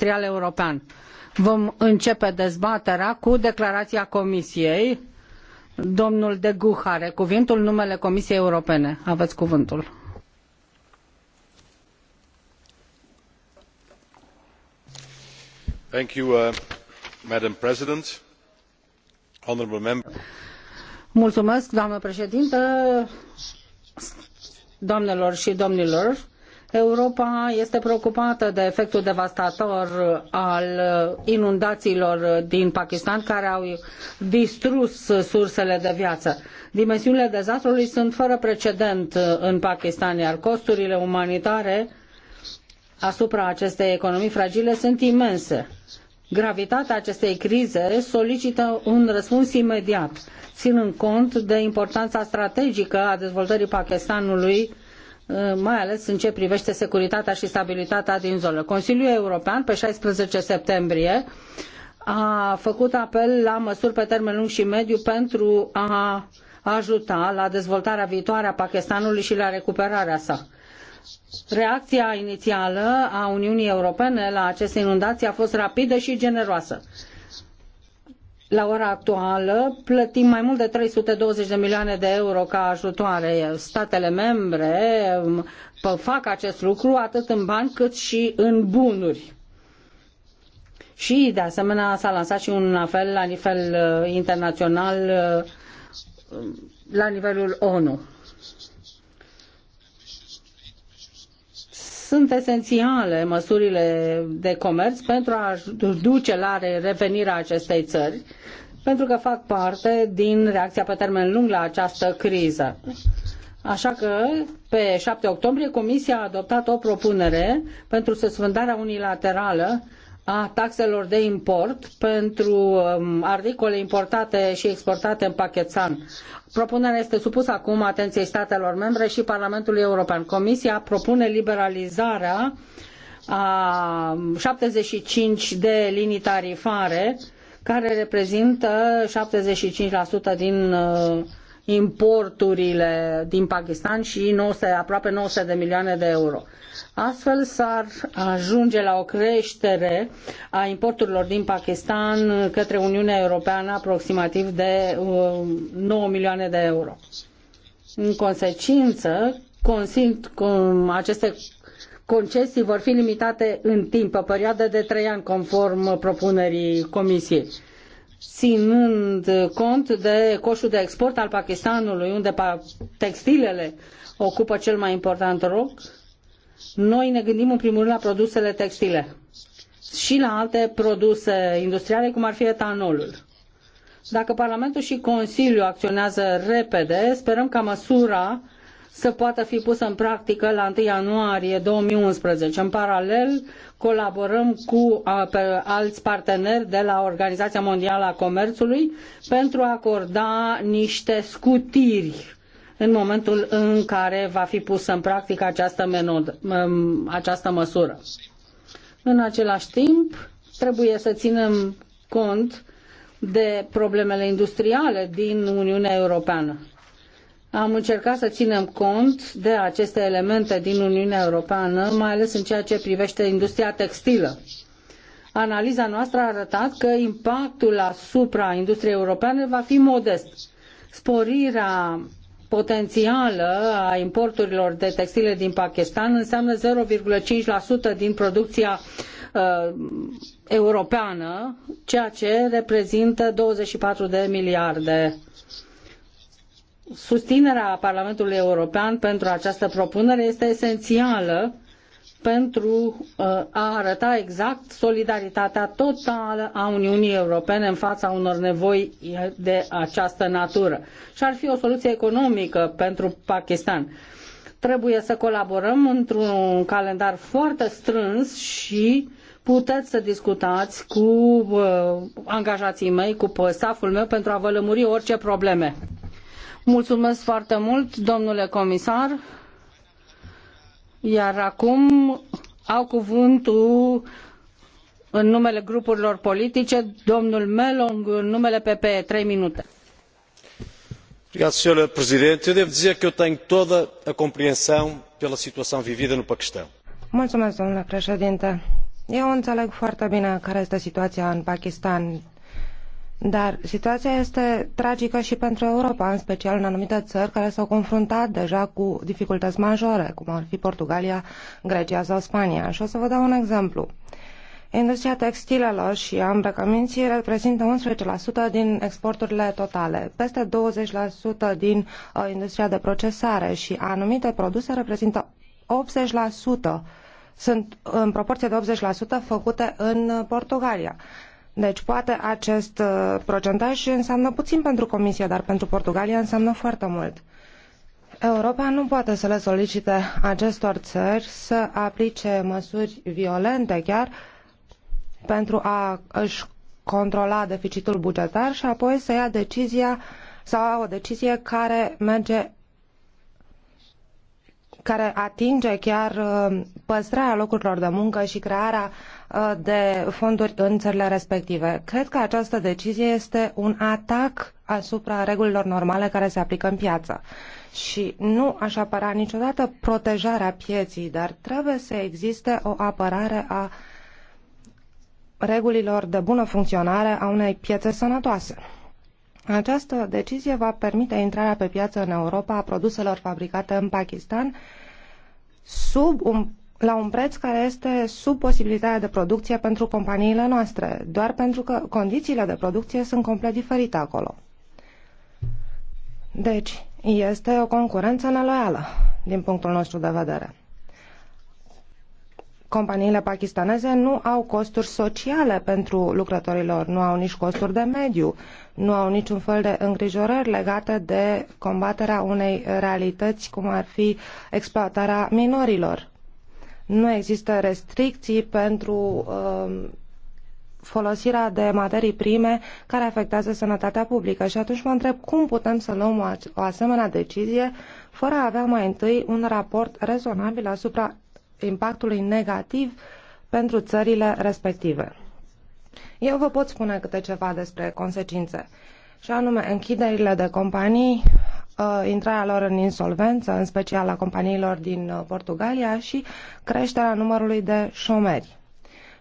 industrial european. Vom începe dezbaterea cu declarația Comisiei. Domnul de Guh are cuvântul, numele Comisiei Europene. Aveți cuvântul. Thank you, uh, Madam President. Honorable Mulțumesc, doamnă președintă, doamnelor și domnilor. Europa este preocupată de efectul devastator al inundațiilor din Pakistan care au distrus sursele de viață. Dimensiunile dezastrului sunt fără precedent în Pakistan, iar costurile umanitare asupra acestei economii fragile sunt imense. Gravitatea acestei crize solicită un răspuns imediat, ținând cont de importanța strategică a dezvoltării Pakistanului Uh, mai ales în ce privește securitatea și stabilitatea din zonă. Consiliul European, pe 16 septembrie, a făcut apel la măsuri pe termen lung și mediu pentru a ajuta la dezvoltarea viitoare a Pakistanului și la recuperarea sa. Reacția inițială a Uniunii Europene la aceste inundații a fost rapidă și generoasă la ora actuală plătim mai mult de 320 de milioane de euro ca ajutoare. Statele membre um, fac acest lucru atât în bani cât și în bunuri. Și, de asemenea, s-a lansat și un apel la nivel uh, internațional, uh, la nivelul ONU. sunt esențiale măsurile de comerț pentru a duce la revenirea acestei țări pentru că fac parte din reacția pe termen lung la această criză. Așa că, pe 7 octombrie, Comisia a adoptat o propunere pentru suspendarea unilaterală a taxelor de import pentru um, articole importate și exportate în Pakistan. Propunerea este supusă acum atenției statelor membre și Parlamentului European. Comisia propune liberalizarea a 75 de linii tarifare uh, care reprezintă 75% din uh, importurile din Pakistan și 900, aproape 900 de milioane de euro. Astfel s-ar ajunge la o creștere a importurilor din Pakistan către Uniunea Europeană aproximativ de 9 uh, milioane de euro. În consecință, cu aceste concesii vor fi limitate în timp, o perioadă de trei ani, conform propunerii Comisiei ținând cont de coșul de export al Pakistanului, unde textilele ocupă cel mai important rol, noi ne gândim în primul rând la produsele textile și la alte produse industriale, cum ar fi etanolul. Dacă Parlamentul și Consiliul acționează repede, sperăm ca măsura uh, să poată fi pusă în practică la 1 ianuarie 2011. În paralel, colaborăm cu alți parteneri de la Organizația Mondială a Comerțului pentru a acorda niște scutiri în momentul în care va fi pusă în practică această, această măsură. În același timp, trebuie să ținem cont de problemele industriale din Uniunea Europeană am încercat să ținem cont de aceste elemente din Uniunea Europeană, mai ales în ceea ce privește industria textilă. Analiza noastră a arătat că impactul asupra industriei europene va fi modest. Sporirea potențială a importurilor de textile din Pakistan înseamnă 0,5% din producția uh, europeană, ceea ce reprezintă 24 de miliarde susținerea Parlamentului European pentru această propunere este esențială pentru uh, a arăta exact solidaritatea totală a Uniunii Europene în fața unor nevoi de această natură. Și ar fi o soluție economică pentru Pakistan. Trebuie să colaborăm într-un calendar foarte strâns și puteți să discutați cu uh, angajații mei, cu stafful meu pentru a vă lămuri orice probleme. Mulțumesc foarte mult, domnule comisar. Iar acum au cuvântul în numele grupurilor politice, domnul Melong, în numele PPE, 3 minute. Senhora Presidente, eu devo dizer que eu tenho toda a compreensão pela situação vivida no Paquistão. Mulțumesc, domnule președinte. Eu înțeleg foarte bine care este situația în Pakistan dar situația este tragică și pentru Europa, în special în anumite țări care s-au confruntat deja cu dificultăți majore, cum ar fi Portugalia, Grecia sau Spania. Și o să vă dau un exemplu. Industria textilelor și a îmbrăcăminții reprezintă 11% din exporturile totale, peste 20% din uh, industria de procesare și anumite produse reprezintă 80% sunt în proporție de 80% făcute în uh, Portugalia. Deci poate acest uh, procentaj înseamnă puțin pentru Comisie, dar pentru Portugalia înseamnă foarte mult. Europa nu poate să le solicite acestor țări să aplice măsuri violente chiar pentru a își controla deficitul bugetar și apoi să ia decizia sau o decizie care merge care atinge chiar uh, păstrarea locurilor de muncă și crearea Uh, de fonduri în țările respective. Cred că această decizie este un atac asupra regulilor normale care se aplică în piață. Și nu aș apăra niciodată protejarea pieții, dar trebuie să existe o apărare a regulilor de bună funcționare a unei piețe sănătoase. Această decizie va permite intrarea pe piață în Europa a produselor fabricate în Pakistan sub un la un preț care este sub posibilitatea de producție pentru companiile noastre, doar pentru că condițiile de producție sunt complet diferite acolo. Deci, este o concurență neloială, din punctul nostru de vedere. Companiile pakistaneze nu au costuri sociale pentru lucrătorilor, nu au nici costuri de mediu, nu au niciun fel de îngrijorări legate de combaterea unei realități cum ar fi exploatarea minorilor nu există restricții pentru um, folosirea de materii prime care afectează sănătatea publică. Și atunci mă întreb cum putem să luăm o asemenea decizie fără a avea mai întâi un raport rezonabil asupra impactului negativ pentru țările respective. Eu vă pot spune câte ceva despre consecințe, și anume închiderile de companii, Uh, intrarea lor în insolvență, în special a companiilor din uh, Portugalia și creșterea numărului de șomeri.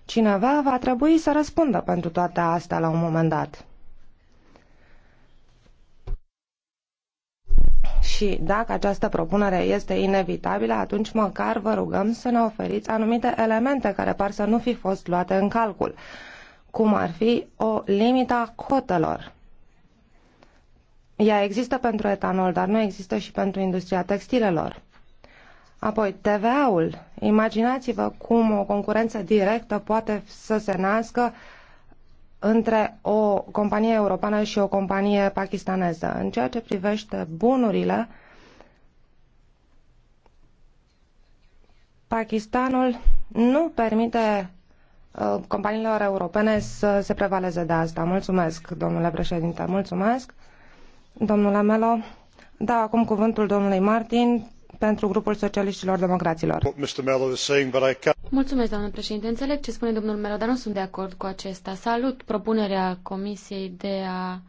Cineva va trebui să răspundă pentru toate astea la un moment dat. Și dacă această propunere este inevitabilă, atunci măcar vă rugăm să ne oferiți anumite elemente care par să nu fi fost luate în calcul, cum ar fi o limită a cotelor ea există pentru etanol, dar nu există și pentru industria textilelor. Apoi, TVA-ul. Imaginați-vă cum o concurență directă poate să se nască între o companie europeană și o companie pakistaneză. În ceea ce privește bunurile, Pakistanul nu permite ă, companiilor europene să se prevaleze de asta. Mulțumesc, domnule președinte. Mulțumesc. Domnule Melo, da acum cuvântul domnului Martin pentru grupul socialiștilor democraților. Mulțumesc, doamnă președinte. Înțeleg ce spune domnul Melo, dar nu sunt de acord cu acesta. Salut propunerea Comisiei de a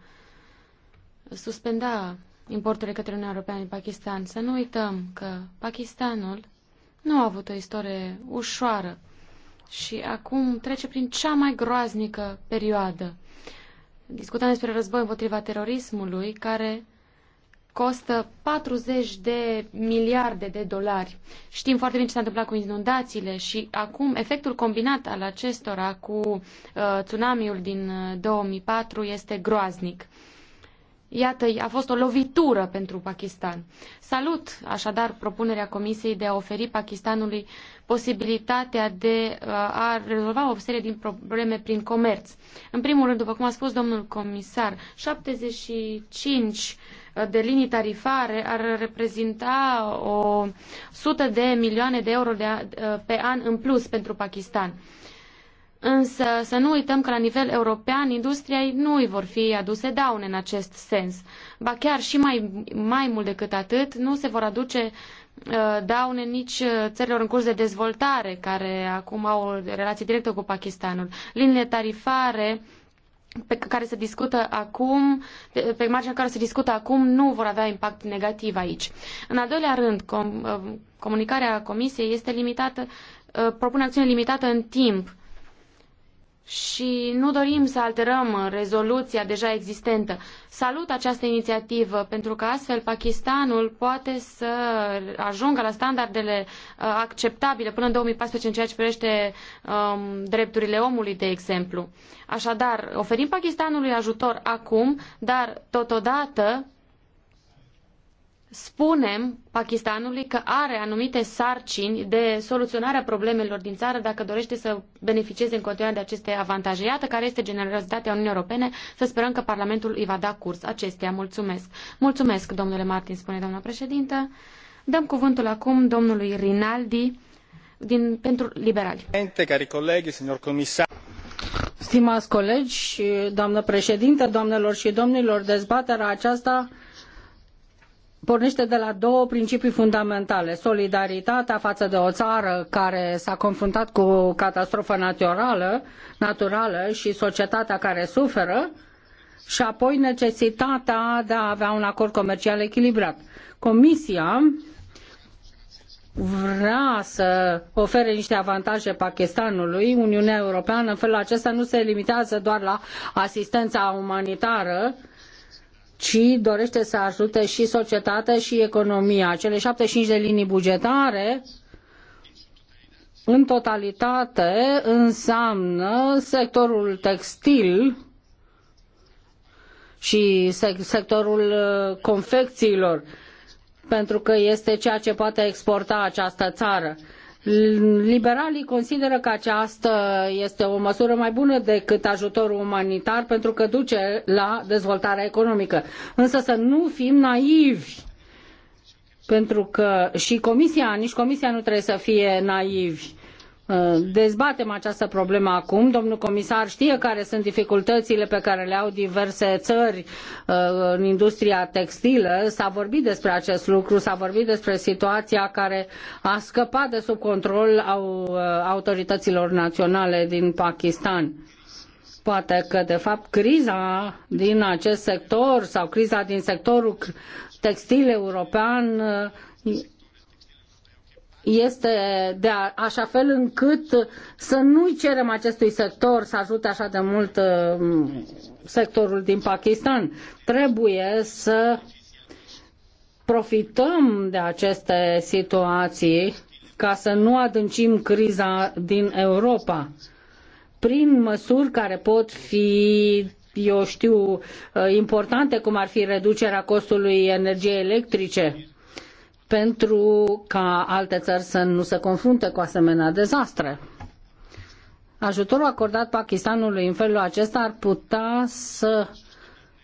suspenda importurile către Uniunea Europeană din Pakistan. Să nu uităm că Pakistanul nu a avut o istorie ușoară și acum trece prin cea mai groaznică perioadă. Discutăm despre război împotriva terorismului, care costă 40 de miliarde de dolari. Știm foarte bine ce s-a întâmplat cu inundațiile și acum efectul combinat al acestora cu uh, tsunamiul din 2004 uh, este groaznic. Iată, a fost o lovitură pentru Pakistan. Salut așadar propunerea Comisiei de a oferi Pakistanului posibilitatea de uh, a rezolva o serie din probleme prin comerț. În primul rând, după cum a spus domnul comisar, 75 uh, de linii tarifare ar reprezenta o sută de milioane de euro de a, uh, pe an în plus pentru Pakistan. Însă să nu uităm că la nivel european industriei nu îi vor fi aduse daune în acest sens. Ba chiar și mai, mai mult decât atât, nu se vor aduce uh, daune nici uh, țărilor în curs de dezvoltare, care acum au o relație directă cu Pakistanul. Liniile tarifare pe care se discută acum, pe, marginea care se discută acum, nu vor avea impact negativ aici. În al doilea rând, com, uh, comunicarea Comisiei este limitată, propune acțiune limitată în timp și nu dorim să alterăm rezoluția deja existentă. Salut această inițiativă pentru că astfel Pakistanul poate să ajungă la standardele uh, acceptabile până în 2014 în ceea ce privește um, drepturile omului, de exemplu. Așadar, oferim Pakistanului ajutor acum, dar totodată spunem Pakistanului că are anumite sarcini de soluționare a problemelor din țară dacă dorește să beneficieze în continuare de aceste avantaje. Iată care este generozitatea Uniunii Europene. Să sperăm că Parlamentul îi va da curs acesteia. Mulțumesc. Mulțumesc, domnule Martin, spune doamna președintă. Dăm cuvântul acum domnului Rinaldi din, pentru liberali. Cari colegi, signor comisar. Stimați colegi, doamnă președintă, doamnelor și domnilor, dezbaterea aceasta pornește de la două principii fundamentale. Solidaritatea față de o țară care s-a confruntat cu o catastrofă naturală, naturală și societatea care suferă și apoi necesitatea de a avea un acord comercial echilibrat. Comisia vrea să ofere niște avantaje Pakistanului, Uniunea Europeană în felul acesta nu se limitează doar la asistența umanitară, ci dorește să ajute și societatea și economia. Cele 75 de linii bugetare în totalitate înseamnă sectorul textil și sectorul uh, confecțiilor, pentru că este ceea ce poate exporta această țară. Liberalii consideră că aceasta este o măsură mai bună decât ajutorul umanitar pentru că duce la dezvoltarea economică. Însă să nu fim naivi pentru că și comisia, nici comisia nu trebuie să fie naivi Uh, dezbatem această problemă acum. Domnul comisar știe care sunt dificultățile pe care le au diverse țări uh, în industria textilă. S-a vorbit despre acest lucru, s-a vorbit despre situația care a scăpat de sub control au uh, autorităților naționale din Pakistan. Poate că, de fapt, criza din acest sector sau criza din sectorul textil european este de a, așa fel încât să nu-i cerem acestui sector să ajute așa de mult uh, sectorul din Pakistan. Trebuie să profităm de aceste situații ca să nu adâncim criza din Europa prin măsuri care pot fi eu știu, uh, importante, cum ar fi reducerea costului energiei electrice, pentru ca alte țări să nu se confrunte cu asemenea dezastre. Ajutorul acordat Pakistanului în felul acesta ar putea să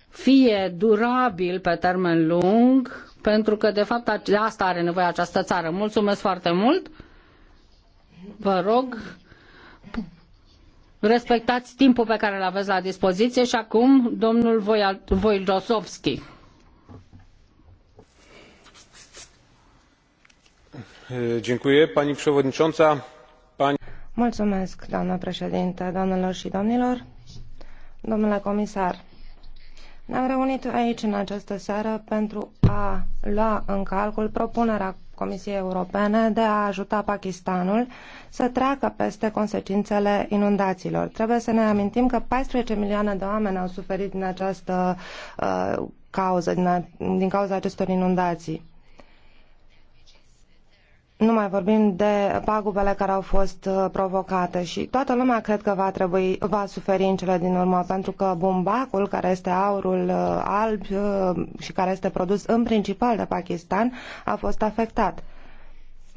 fie durabil pe termen lung, pentru că de fapt de asta are nevoie această țară. Mulțumesc foarte mult. Vă rog, respectați timpul pe care îl aveți la dispoziție și acum domnul Voiljosovski. pani przewodnicząca! Mulțumesc, doamnă președinte, doamnelor și domnilor, domnule comisar. Ne-am reunit aici în această seară pentru a lua în calcul propunerea Comisiei Europene de a ajuta Pakistanul să treacă peste consecințele inundațiilor. Trebuie să ne amintim că 14 milioane de oameni au suferit din această uh, cauză, din, a, din cauza acestor inundații. Nu mai vorbim de pagubele care au fost uh, provocate și toată lumea cred că va, trebui, va suferi în cele din urmă, pentru că bumbacul, care este aurul uh, alb uh, și care este produs în principal de Pakistan, a fost afectat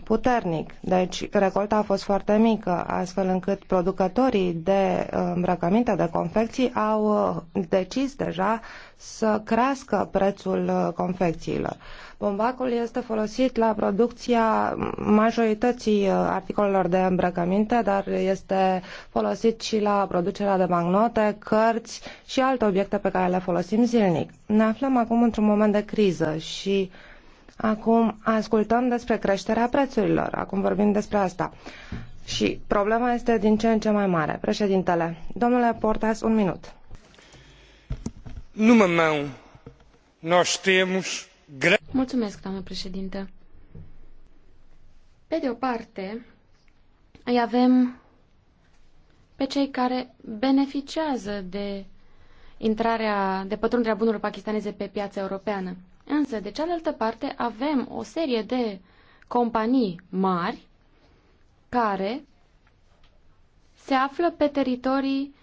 puternic. Deci recolta a fost foarte mică, astfel încât producătorii de uh, îmbrăcăminte, de confecții au uh, decis deja să crească prețul uh, confecțiilor. Bombacul este folosit la producția majorității articolelor de îmbrăcăminte, dar este folosit și la producerea de bancnote, cărți și alte obiecte pe care le folosim zilnic. Ne aflăm acum într-un moment de criză și uh, Acum ascultăm despre creșterea prețurilor. Acum vorbim despre asta. Și problema este din ce în ce mai mare. Președintele, domnule Portas, un minut. Numa meu, noi temos... Mulțumesc, doamnă președinte. Pe de o parte, îi avem pe cei care beneficiază de intrarea, de pătrunderea bunurilor pakistaneze pe piața europeană. Însă, de cealaltă parte, avem o serie de companii mari care se află pe teritorii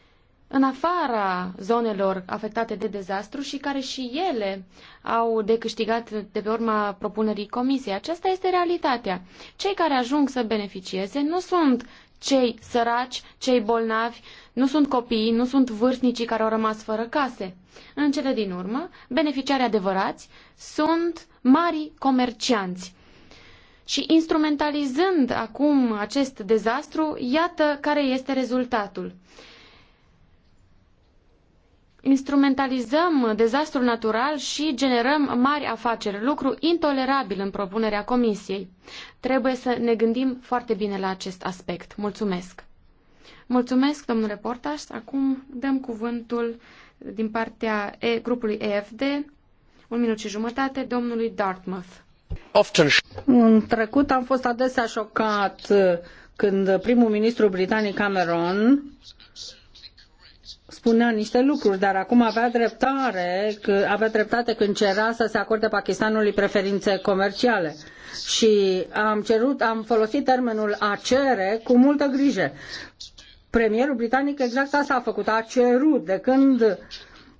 în afara zonelor afectate de dezastru și care și ele au de câștigat de pe urma propunerii comisiei. Aceasta este realitatea. Cei care ajung să beneficieze nu sunt cei săraci, cei bolnavi, nu sunt copii, nu sunt vârstnicii care au rămas fără case. În cele din urmă, beneficiarii adevărați sunt mari comercianți. Și instrumentalizând acum acest dezastru, iată care este rezultatul. Instrumentalizăm dezastrul natural și generăm mari afaceri, lucru intolerabil în propunerea Comisiei. Trebuie să ne gândim foarte bine la acest aspect. Mulțumesc! Mulțumesc, domnule Portaș. Acum dăm cuvântul din partea e, grupului EFD, un minut și jumătate, domnului Dartmouth. În trecut am fost adesea șocat uh, când primul ministru britanic Cameron spunea niște lucruri, dar acum avea dreptare, avea dreptate când cerea să se acorde Pakistanului preferințe comerciale. Și am cerut, am folosit termenul acere cu multă grijă Premierul britanic exact asta a făcut, a cerut de când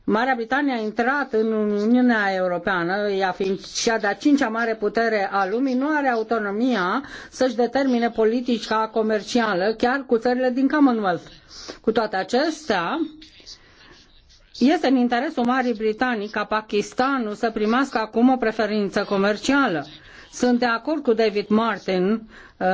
Marea Britanie a intrat în Uniunea Europeană, ea fiind cea de-a cincea mare putere a lumii, nu are autonomia să-și determine politica comercială, chiar cu țările din Commonwealth. Cu toate acestea, este în interesul Marii Britanii ca Pakistanul să primească acum o preferință comercială sunt de acord cu David Martin uh,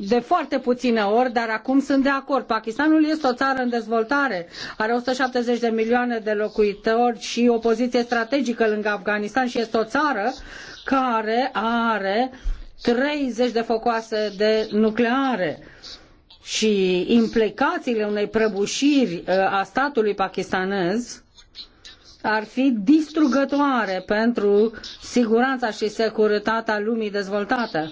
de foarte puține ori, dar acum sunt de acord. Pakistanul este o țară în dezvoltare, are 170 de milioane de locuitori și o poziție strategică lângă Afganistan și este o țară care are 30 de focoase de nucleare și implicațiile unei prăbușiri uh, a statului pakistanez ar fi distrugătoare pentru siguranța și securitatea lumii dezvoltate.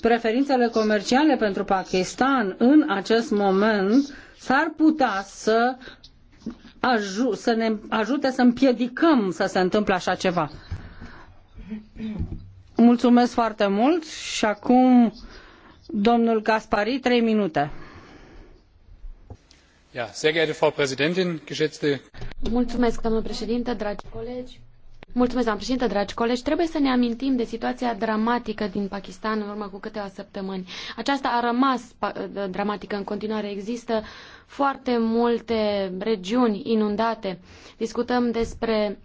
Preferințele comerciale pentru Pakistan în acest moment s-ar putea să, să ne ajute să împiedicăm să se întâmple așa ceva. Mulțumesc foarte mult și acum domnul Gaspari, trei minute doamnă președinte, dragi colegi. președinte, dragi colegi. Trebuie să ne amintim de situația dramatică din Pakistan în urmă cu câteva săptămâni. Aceasta a rămas dramatică în continuare. Există foarte multe regiuni inundate. Discutăm despre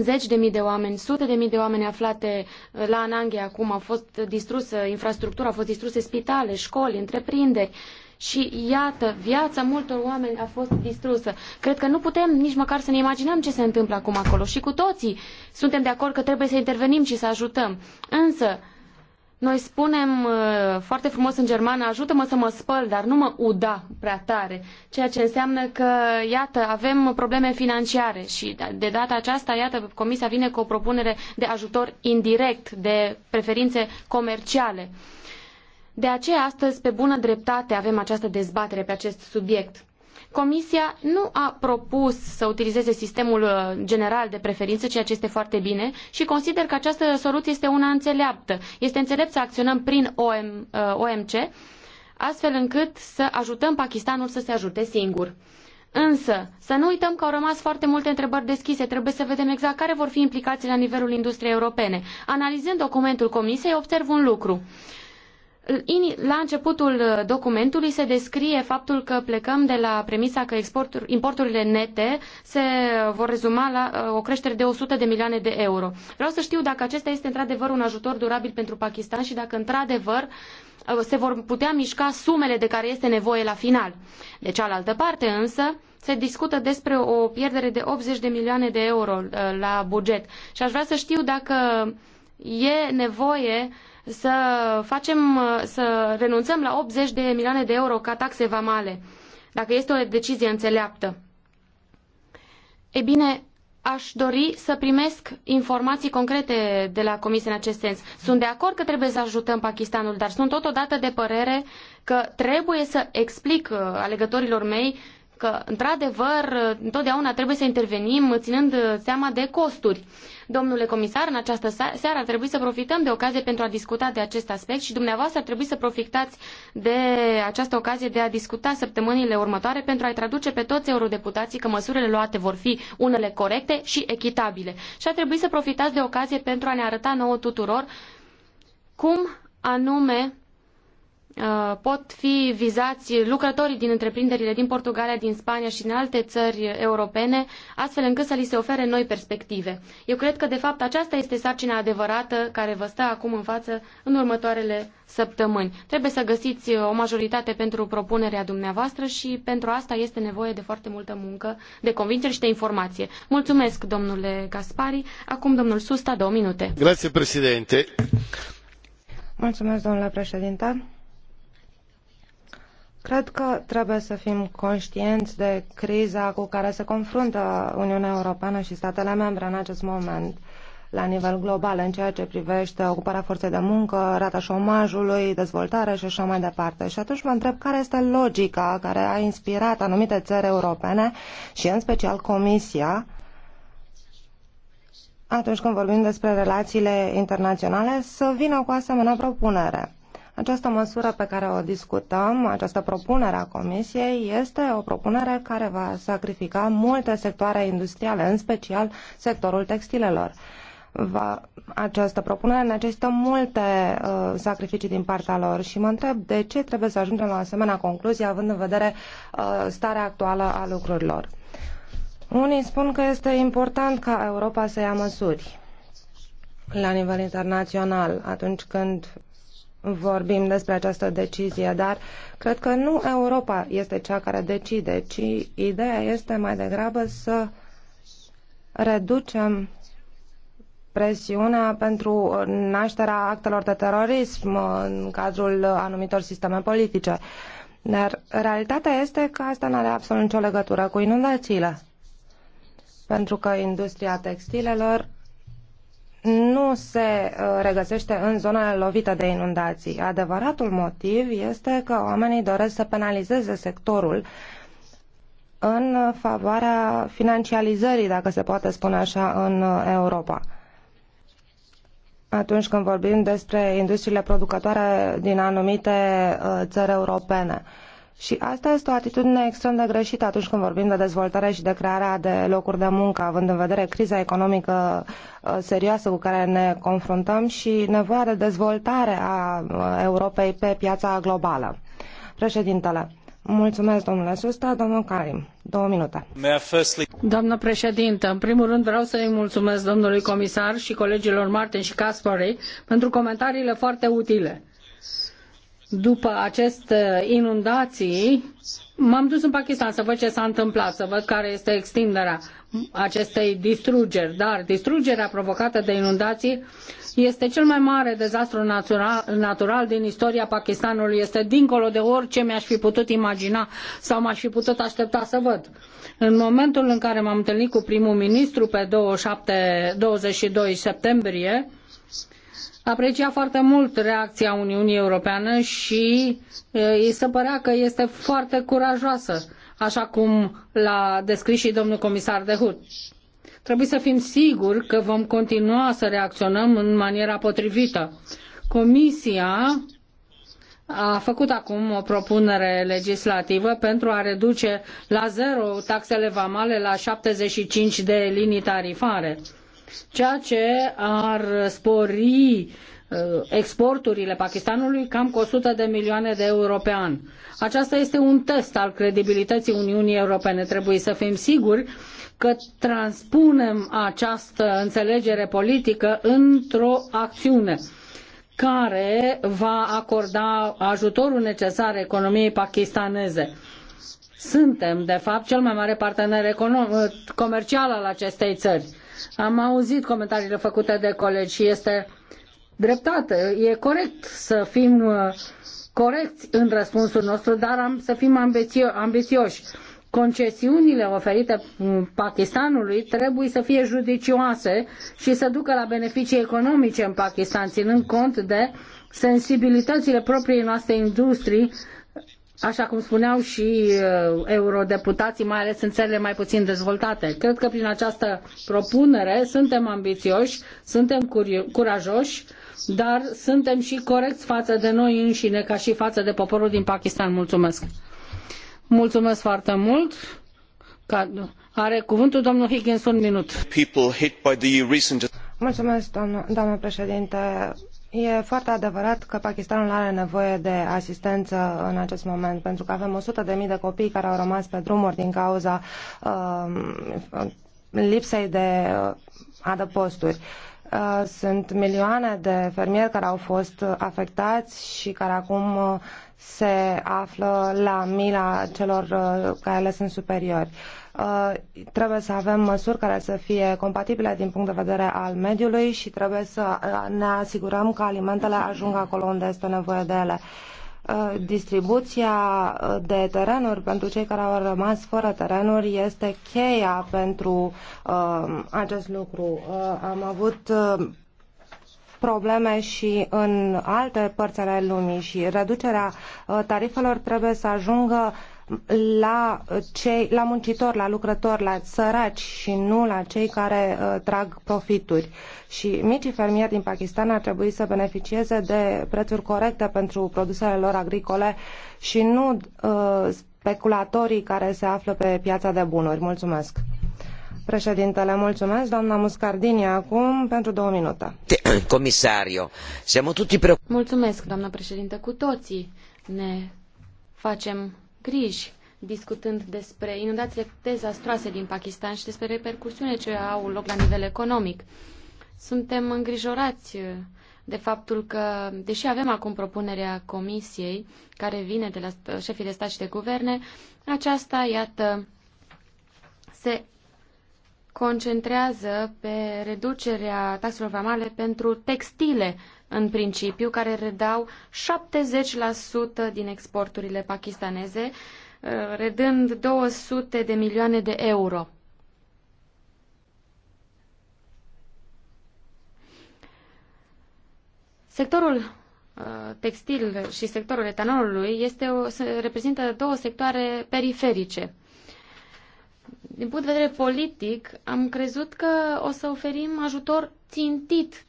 zeci de mii de oameni, sute de mii de oameni aflate uh, la Ananghe acum, au fost distrusă infrastructura, au fost distruse spitale, școli, întreprinderi și iată, viața multor oameni a fost distrusă. Cred că nu putem nici măcar să ne imaginăm ce se întâmplă acum acolo și cu toții suntem de acord că trebuie să intervenim și să ajutăm. Însă, noi spunem uh, foarte frumos în germană, ajută-mă să mă spăl, dar nu mă uda prea tare, ceea ce înseamnă că, iată, avem probleme financiare și de data aceasta, iată, Comisia vine cu o propunere de ajutor indirect, de preferințe comerciale. Uh, de aceea, astăzi, pe bună dreptate, avem această dezbatere pe acest subiect. Comisia nu a propus să utilizeze sistemul uh, general de preferință, ceea ce este foarte bine, și consider că această soluție este una înțeleaptă. Este înțelept să acționăm prin OM, uh, OMC, astfel încât să ajutăm Pakistanul să se ajute singur. Însă, să nu uităm că au rămas foarte multe întrebări deschise. Trebuie să vedem exact care vor fi implicațiile la nivelul industriei europene. Analizând documentul Comisiei, observ un lucru la începutul uh, documentului se descrie faptul că plecăm de la premisa că importurile nete se uh, vor rezuma la uh, o creștere de 100 de milioane de euro. Vreau să știu dacă acesta este într-adevăr un ajutor durabil pentru Pakistan și dacă într-adevăr se vor putea mișca sumele de care este nevoie la final. De cealaltă parte însă se discută despre o pierdere de 80 de milioane de euro la buget și aș vrea să știu dacă e nevoie uh, să facem, să renunțăm la 80 de milioane de euro ca taxe vamale, dacă este o decizie înțeleaptă. E bine, aș dori să primesc informații concrete de la Comisie în acest sens. Sunt de acord că trebuie să ajutăm Pakistanul, dar sunt totodată de părere că trebuie să explic uh, alegătorilor mei că, într-adevăr, întotdeauna trebuie să intervenim ținând seama de costuri. Domnule comisar, în această seară ar trebui să profităm de ocazie pentru a discuta de acest aspect și dumneavoastră ar trebui să profitați de această ocazie de a discuta săptămânile următoare pentru a-i traduce pe toți eurodeputații că măsurile luate vor fi unele corecte și echitabile. Și ar trebui să profitați de ocazie pentru a ne arăta nouă tuturor cum anume Uh, pot fi vizați lucrătorii din întreprinderile din Portugalia, din Spania și din alte țări europene, astfel încât să li se ofere noi perspective. Eu cred că, de fapt, aceasta este sarcina adevărată care vă stă acum în față în următoarele săptămâni. Trebuie să găsiți uh, o majoritate pentru propunerea dumneavoastră și pentru asta este nevoie de foarte multă muncă, de convingere și de informație. Mulțumesc, domnule Caspary. Acum, domnul Susta, două minute. Grazie, președinte. Mulțumesc, domnule președinte. Cred că trebuie să fim conștienți de criza cu care se confruntă Uniunea Europeană și statele membre în acest moment la nivel global în ceea ce privește ocuparea forței de muncă, rata șomajului, dezvoltare și așa mai departe. Și atunci mă întreb care este logica care a inspirat anumite țări europene și în special Comisia atunci când vorbim despre relațiile internaționale să vină cu asemenea propunere. Această măsură pe care o discutăm, această propunere a Comisiei, este o propunere care va sacrifica multe sectoare industriale, în special sectorul textilelor. Va, această propunere necesită multe uh, sacrificii din partea lor și mă întreb de ce trebuie să ajungem la asemenea concluzie având în vedere uh, starea actuală a lucrurilor. Unii spun că este important ca Europa să ia măsuri la nivel internațional atunci când vorbim despre această decizie, dar cred că nu Europa este cea care decide, ci ideea este mai degrabă să reducem presiunea pentru nașterea actelor de terorism în cadrul anumitor sisteme politice. Dar realitatea este că asta nu are absolut nicio legătură cu inundațiile. Pentru că industria textilelor nu se uh, regăsește în zonele lovite de inundații. Adevăratul motiv este că oamenii doresc să penalizeze sectorul în favoarea financializării, dacă se poate spune așa, în uh, Europa. Atunci când vorbim despre industriile producătoare din anumite uh, țări europene. Și asta este o atitudine extrem de greșită atunci când vorbim de dezvoltare și de crearea de locuri de muncă, având în vedere criza economică uh, serioasă cu care ne confruntăm și nevoia de dezvoltare a uh, Europei pe piața globală. Președintele, Mulțumesc, domnule Susta. Domnul Karim, două minute. Doamnă președintă, în primul rând vreau să-i mulțumesc domnului comisar și colegilor Martin și Caspary pentru comentariile foarte utile după aceste inundații, m-am dus în Pakistan să văd ce s-a întâmplat, să văd care este extinderea acestei distrugeri. Dar distrugerea provocată de inundații este cel mai mare dezastru natural, natural din istoria Pakistanului. Este dincolo de orice mi-aș fi putut imagina sau m-aș fi putut aștepta să văd. În momentul în care m-am întâlnit cu primul ministru pe 27, 22 septembrie, aprecia foarte mult reacția Uniunii Europene și îi se părea că este foarte curajoasă, așa cum l-a descris și domnul comisar de Hut. Trebuie să fim siguri că vom continua să reacționăm în maniera potrivită. Comisia a făcut acum o propunere legislativă pentru a reduce la zero taxele vamale la 75 de linii tarifare ceea ce ar spori uh, exporturile Pakistanului cam cu 100 de milioane de euro pe an. Aceasta este un test al credibilității Uniunii Europene. Trebuie să fim siguri că transpunem această înțelegere politică într-o acțiune care va acorda ajutorul necesar economiei pakistaneze. Suntem, de fapt, cel mai mare partener comercial al acestei țări am auzit comentariile făcute de colegi și este dreptate. E corect să fim uh, corecți în răspunsul nostru, dar am, să fim ambițio- ambițioși. Concesiunile oferite mm, Pakistanului trebuie să fie judicioase și să ducă la beneficii economice în Pakistan, ținând cont de sensibilitățile propriei noastre industrii așa cum spuneau și uh, eurodeputații, mai ales în țările mai puțin dezvoltate. Cred că prin această propunere suntem ambițioși, suntem curajoși, dar suntem și corecți față de noi înșine, ca și față de poporul din Pakistan. Mulțumesc! Mulțumesc foarte mult! Are cuvântul domnul Higgins un minut. Mulțumesc, doamnă, doamnă președinte E foarte adevărat că Pakistanul are nevoie de asistență în acest moment, pentru că avem 100.000 de copii care au rămas pe drumuri din cauza uh, lipsei de uh, adăposturi. Uh, sunt milioane de fermieri care au fost afectați și care acum uh, se află la mila celor uh, care le sunt superiori. Uh, trebuie să avem măsuri care să fie compatibile din punct de vedere al mediului și trebuie să uh, ne asigurăm că alimentele ajung acolo unde este nevoie de ele. Uh, distribuția de terenuri pentru cei care au rămas fără terenuri este cheia pentru uh, acest lucru. Uh, am avut probleme și în alte părți ale lumii și reducerea tarifelor trebuie să ajungă uh, la, uh, cei, la muncitori, la lucrători, la săraci și nu la cei care uh, trag profituri. Și micii fermieri din Pakistan ar trebui să beneficieze de prețuri corecte pentru produsele lor agricole și nu uh, speculatorii care se află pe piața de bunuri. Mulțumesc. Președintele, mulțumesc. Doamna Muscardini, acum pentru două minute. Comisario, siamo tutti preoccupati. Mulțumesc, doamna președinte. Cu toții ne facem Crij, discutând despre inundațiile dezastroase din Pakistan și despre repercusiunile ce au loc la nivel economic. Suntem îngrijorați de faptul că, deși avem acum propunerea Comisiei, care vine de la șefii de stat și de guverne, aceasta, iată, se concentrează pe reducerea taxelor vamale pentru textile în principiu, care redau 70% din exporturile pakistaneze, uh, redând 200 de milioane de euro. Sectorul uh, textil și sectorul etanolului este o, reprezintă două sectoare periferice. Din punct de vedere politic, am crezut că o să oferim ajutor țintit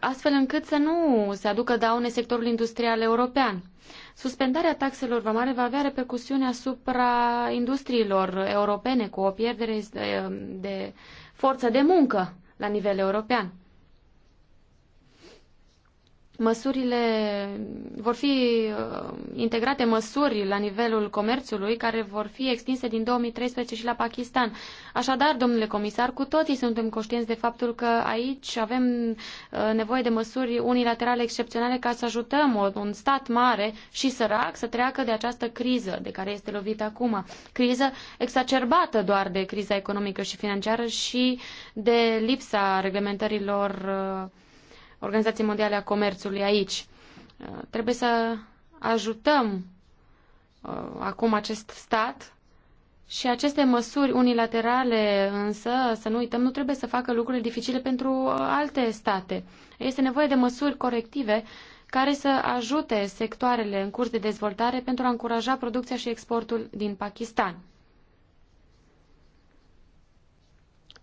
astfel încât să nu se aducă daune sectorul industrial european. Suspendarea taxelor vamale va avea repercusiuni asupra industriilor europene cu o pierdere de forță de muncă la nivel european măsurile, vor fi uh, integrate măsuri la nivelul comerțului care vor fi extinse din 2013 și la Pakistan. Așadar, domnule comisar, cu toții suntem conștienți de faptul că aici avem uh, nevoie de măsuri unilaterale excepționale ca să ajutăm un stat mare și sărac să treacă de această criză de care este lovit acum. Criză exacerbată doar de criza economică și financiară și de lipsa reglementărilor uh, Organizației Mondiale a Comerțului aici. Uh, trebuie să ajutăm uh, acum acest stat și aceste măsuri unilaterale, însă, să nu uităm, nu trebuie să facă lucruri dificile pentru uh, alte state. Este nevoie de măsuri corective care să ajute sectoarele în curs de dezvoltare pentru a încuraja producția și exportul din Pakistan.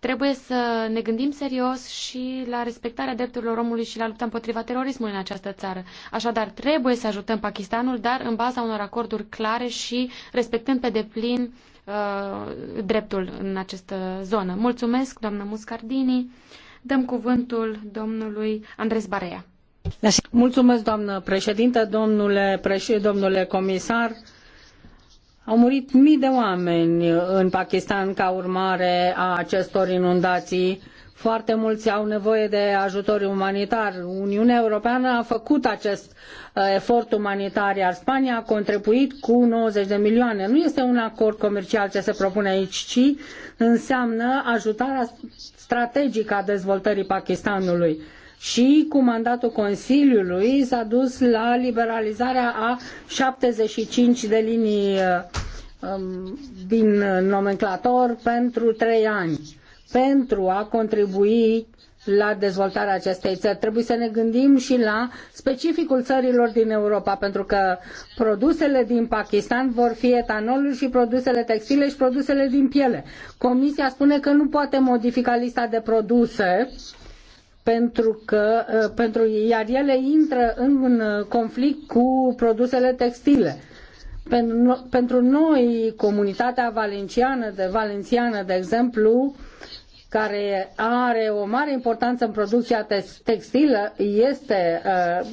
Trebuie să ne gândim serios și la respectarea drepturilor omului și la lupta împotriva terorismului în această țară. Așadar, trebuie să ajutăm Pakistanul, dar în baza unor acorduri clare și respectând pe deplin uh, dreptul în această zonă. Mulțumesc, doamnă Muscardini. Dăm cuvântul domnului Andres Barea. Mulțumesc, doamnă președintă, domnule, președinte, domnule comisar. Au murit mii de oameni în Pakistan ca urmare a acestor inundații. Foarte mulți au nevoie de ajutor umanitar. Uniunea Europeană a făcut acest uh, efort umanitar, iar Spania a contribuit cu 90 de milioane. Nu este un acord comercial ce se propune aici, ci înseamnă ajutarea strategică a dezvoltării Pakistanului și cu mandatul Consiliului s-a dus la liberalizarea a 75 de linii uh, um, din nomenclator pentru trei ani, pentru a contribui la dezvoltarea acestei țări. Trebuie să ne gândim și la specificul țărilor din Europa, pentru că produsele din Pakistan vor fi etanolul și produsele textile și produsele din piele. Comisia spune că nu poate modifica lista de produse uh, pentru că uh, pentru, iar ele intră în conflict cu produsele textile. Pentru noi, comunitatea valenciană de, valenciană, de exemplu, care are o mare importanță în producția textilă, este uh,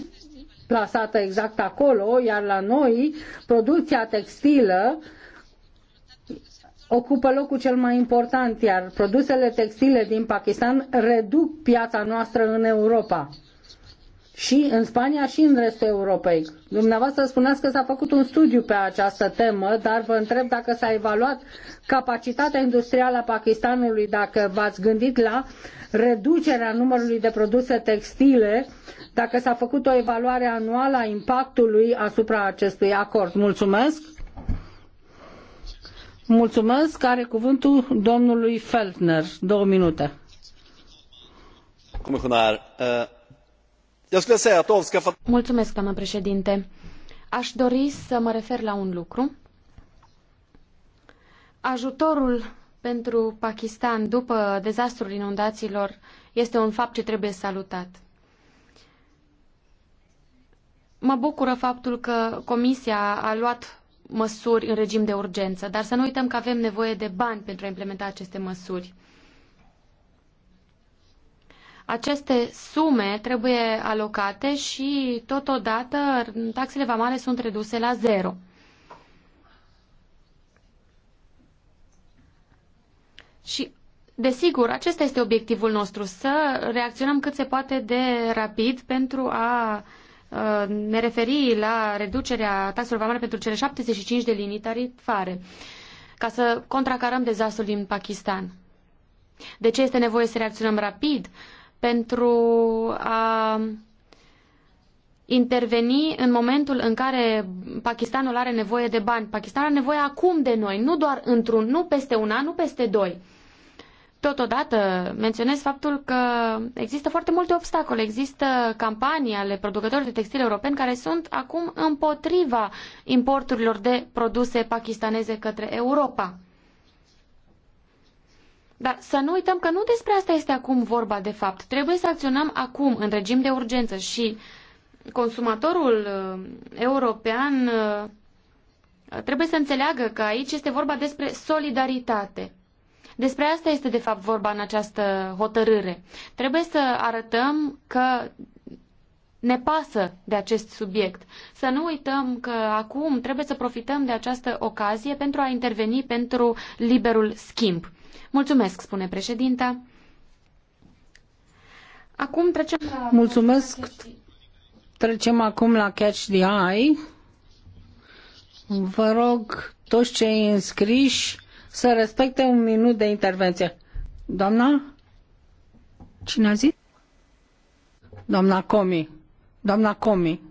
plasată exact acolo, iar la noi producția textilă ocupă locul cel mai important, iar produsele textile din Pakistan reduc piața noastră în Europa. Și în Spania și în restul Europei. Dumneavoastră spuneați că s-a făcut un studiu pe această temă, dar vă întreb dacă s-a evaluat capacitatea industrială a Pakistanului, dacă v-ați gândit la reducerea numărului de produse textile, dacă s-a făcut o evaluare anuală a impactului asupra acestui acord. Mulțumesc! Mulțumesc. Are cuvântul domnului Feltner. Două minute. Comisionar, eu skulle säga att Mulțumesc, doamnă președinte. Aș dori să mă refer la un lucru. Ajutorul pentru Pakistan după dezastrul inundațiilor este un fapt ce trebuie salutat. Mă bucură faptul că Comisia a luat măsuri în regim de urgență, dar să nu uităm că avem nevoie de bani pentru a implementa aceste măsuri. Aceste sume trebuie alocate și totodată taxele vamale sunt reduse la zero. Și Desigur, acesta este obiectivul nostru, să reacționăm cât se poate de rapid pentru a Uh, ne referi la reducerea taxelor vamale pentru cele 75 de linii tarifare, ca să contracarăm dezastrul din Pakistan. De ce este nevoie să reacționăm rapid? Pentru a interveni în momentul în care Pakistanul are nevoie de bani. Pakistanul are nevoie acum de noi, nu doar într-un, nu peste un an, nu peste doi. Totodată menționez faptul că există foarte multe obstacole. Există campanii ale producătorilor de textile europeni care sunt acum împotriva importurilor de produse pakistaneze către Europa. Dar să nu uităm că nu despre asta este acum vorba de fapt. Trebuie să acționăm acum în regim de urgență și consumatorul uh, european uh, trebuie să înțeleagă că aici este vorba despre solidaritate. Despre asta este de fapt vorba în această hotărâre. Trebuie să arătăm că ne pasă de acest subiect. Să nu uităm că acum trebuie să profităm de această ocazie pentru a interveni pentru liberul schimb. Mulțumesc, spune președinta. Acum trecem la... Mulțumesc. Trecem acum la Catch the Eye. Vă rog, toți cei înscriși să respecte un minut de intervenție. Doamna? Cine a zis? Doamna Comi. Doamna Comi.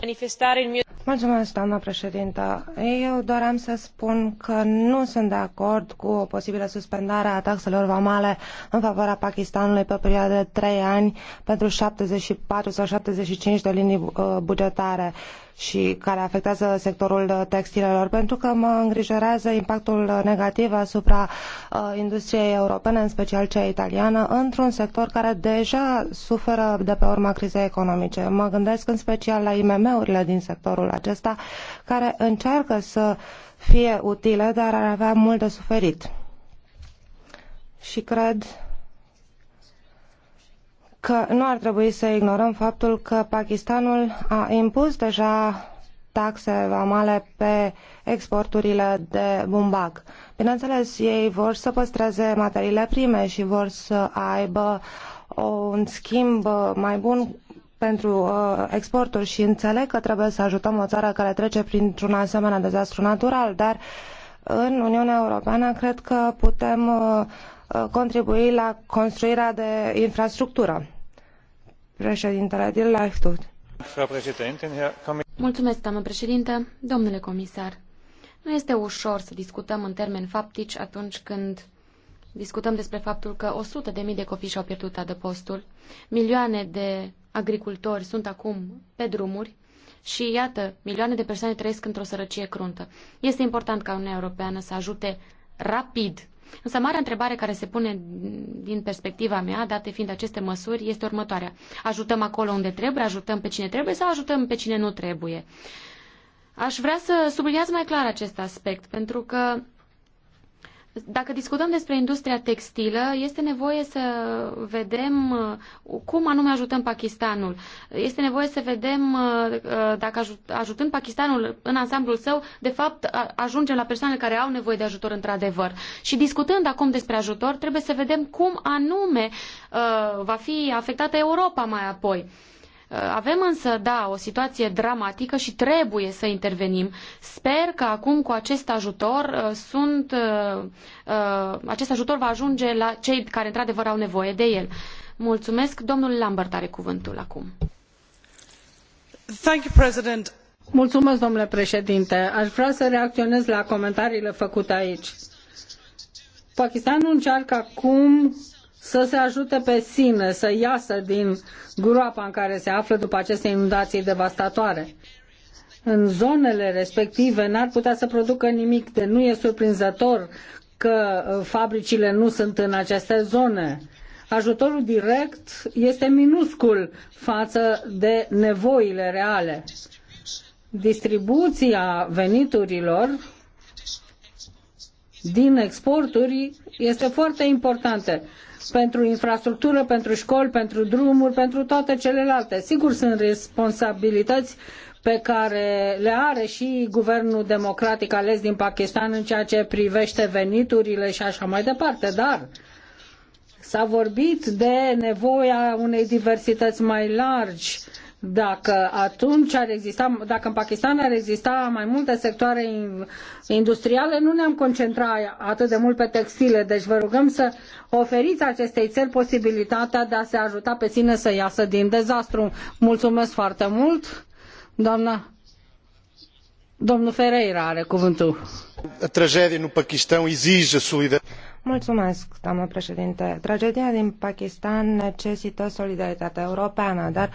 Manifestare în Mulțumesc, doamna președintă. Eu doream să spun că nu sunt de acord cu o posibilă suspendare a taxelor vamale în favoarea Pakistanului pe o perioadă de trei ani pentru 74 sau 75 de linii uh, bugetare și care afectează sectorul textilelor, pentru că mă îngrijorează impactul negativ asupra uh, industriei europene, în special cea italiană, într-un sector care deja suferă de pe urma crizei economice. Mă gândesc în special la IMM-urile din sectorul acesta, care încearcă să fie utile, dar ar avea mult de suferit. Și cred că nu ar trebui să ignorăm faptul că Pakistanul a impus deja taxe vamale pe exporturile de bumbac. Bineînțeles, ei vor să păstreze materiile prime și vor să aibă un schimb mai bun pentru uh, exporturi și înțeleg că trebuie să ajutăm o țară care trece printr-un asemenea dezastru natural, dar în Uniunea Europeană cred că putem uh, uh, contribui la construirea de infrastructură. Mulțumesc, președinte, domnule comisar. Nu este ușor să discutăm în termeni faptici atunci când discutăm despre faptul că sută de, mii de copii și-au pierdut adăpostul, milioane de agricultori sunt acum pe drumuri și, iată, milioane de persoane trăiesc într-o sărăcie cruntă. Este important ca Uniunea Europeană să ajute rapid Însă marea întrebare care se pune din perspectiva mea, date fiind aceste măsuri, este următoarea. Ajutăm acolo unde trebuie, ajutăm pe cine trebuie sau ajutăm pe cine nu trebuie? Aș vrea să subliniați mai clar acest aspect, pentru că dacă discutăm despre industria textilă, este nevoie să vedem uh, cum anume ajutăm Pakistanul. Este nevoie să vedem uh, uh, dacă ajutând Pakistanul în ansamblul său, de fapt ajungem la persoanele care au nevoie de ajutor într-adevăr. Și discutând acum despre ajutor, trebuie să vedem cum anume va fi afectată Europa mai apoi. Uh, avem însă, da, o situație dramatică și trebuie să intervenim. Sper că acum cu acest ajutor uh, sunt, uh, acest ajutor va ajunge la cei care într-adevăr au nevoie de el. Mulțumesc. Domnul Lambert are cuvântul acum. Thank you, President. Mulțumesc, domnule președinte. Aș vrea să reacționez la comentariile făcute aici. Pakistanul încearcă acum să se ajute pe sine să iasă din groapa în care se află după aceste inundații devastatoare. În zonele respective n-ar putea să producă nimic, de nu e surprinzător că uh, fabricile nu sunt în aceste zone. Ajutorul direct este minuscul față de nevoile reale. Distribuția veniturilor din exporturi este foarte importantă pentru infrastructură, pentru școli, pentru drumuri, pentru toate celelalte. Sigur, sunt responsabilități pe care le are și guvernul democratic ales din Pakistan în ceea ce privește veniturile și așa mai departe, dar s-a vorbit de nevoia unei diversități mai largi uh, dacă atunci ar exista, dacă în Pakistan ar exista mai multe sectoare industriale, nu ne-am concentrat atât de mult pe textile. Deci vă rugăm să oferiți acestei țări posibilitatea de a se ajuta pe sine să iasă din dezastru. Mulțumesc foarte mult, doamna. Domnul Ferreira are cuvântul. Tragedia în Pakistan exige solidaritate. Mulțumesc, doamnă președinte. Tragedia din Pakistan necesită solidaritatea europeană, dar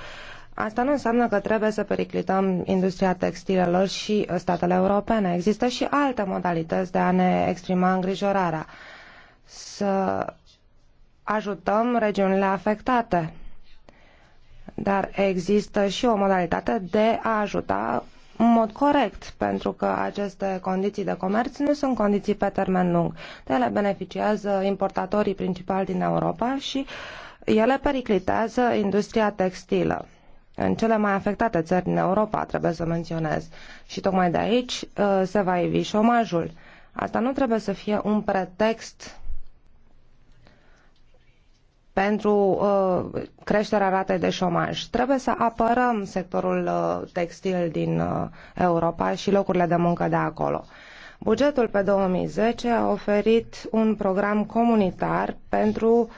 Asta nu înseamnă că trebuie să periclităm industria textilelor și uh, statele europene. Există și alte modalități de a ne exprima îngrijorarea. Să ajutăm regiunile afectate. Dar există și o modalitate de a ajuta în mod corect, pentru că aceste condiții de comerț nu sunt condiții pe termen lung. De ele beneficiază importatorii principali din Europa și ele periclitează industria textilă în cele mai afectate țări din Europa, trebuie să menționez. Și tocmai de aici uh, se va ivi șomajul. Asta nu trebuie să fie un pretext pentru uh, creșterea ratei de șomaj. Trebuie să apărăm sectorul uh, textil din uh, Europa și locurile de muncă de acolo. Bugetul pe 2010 a oferit un program comunitar pentru uh,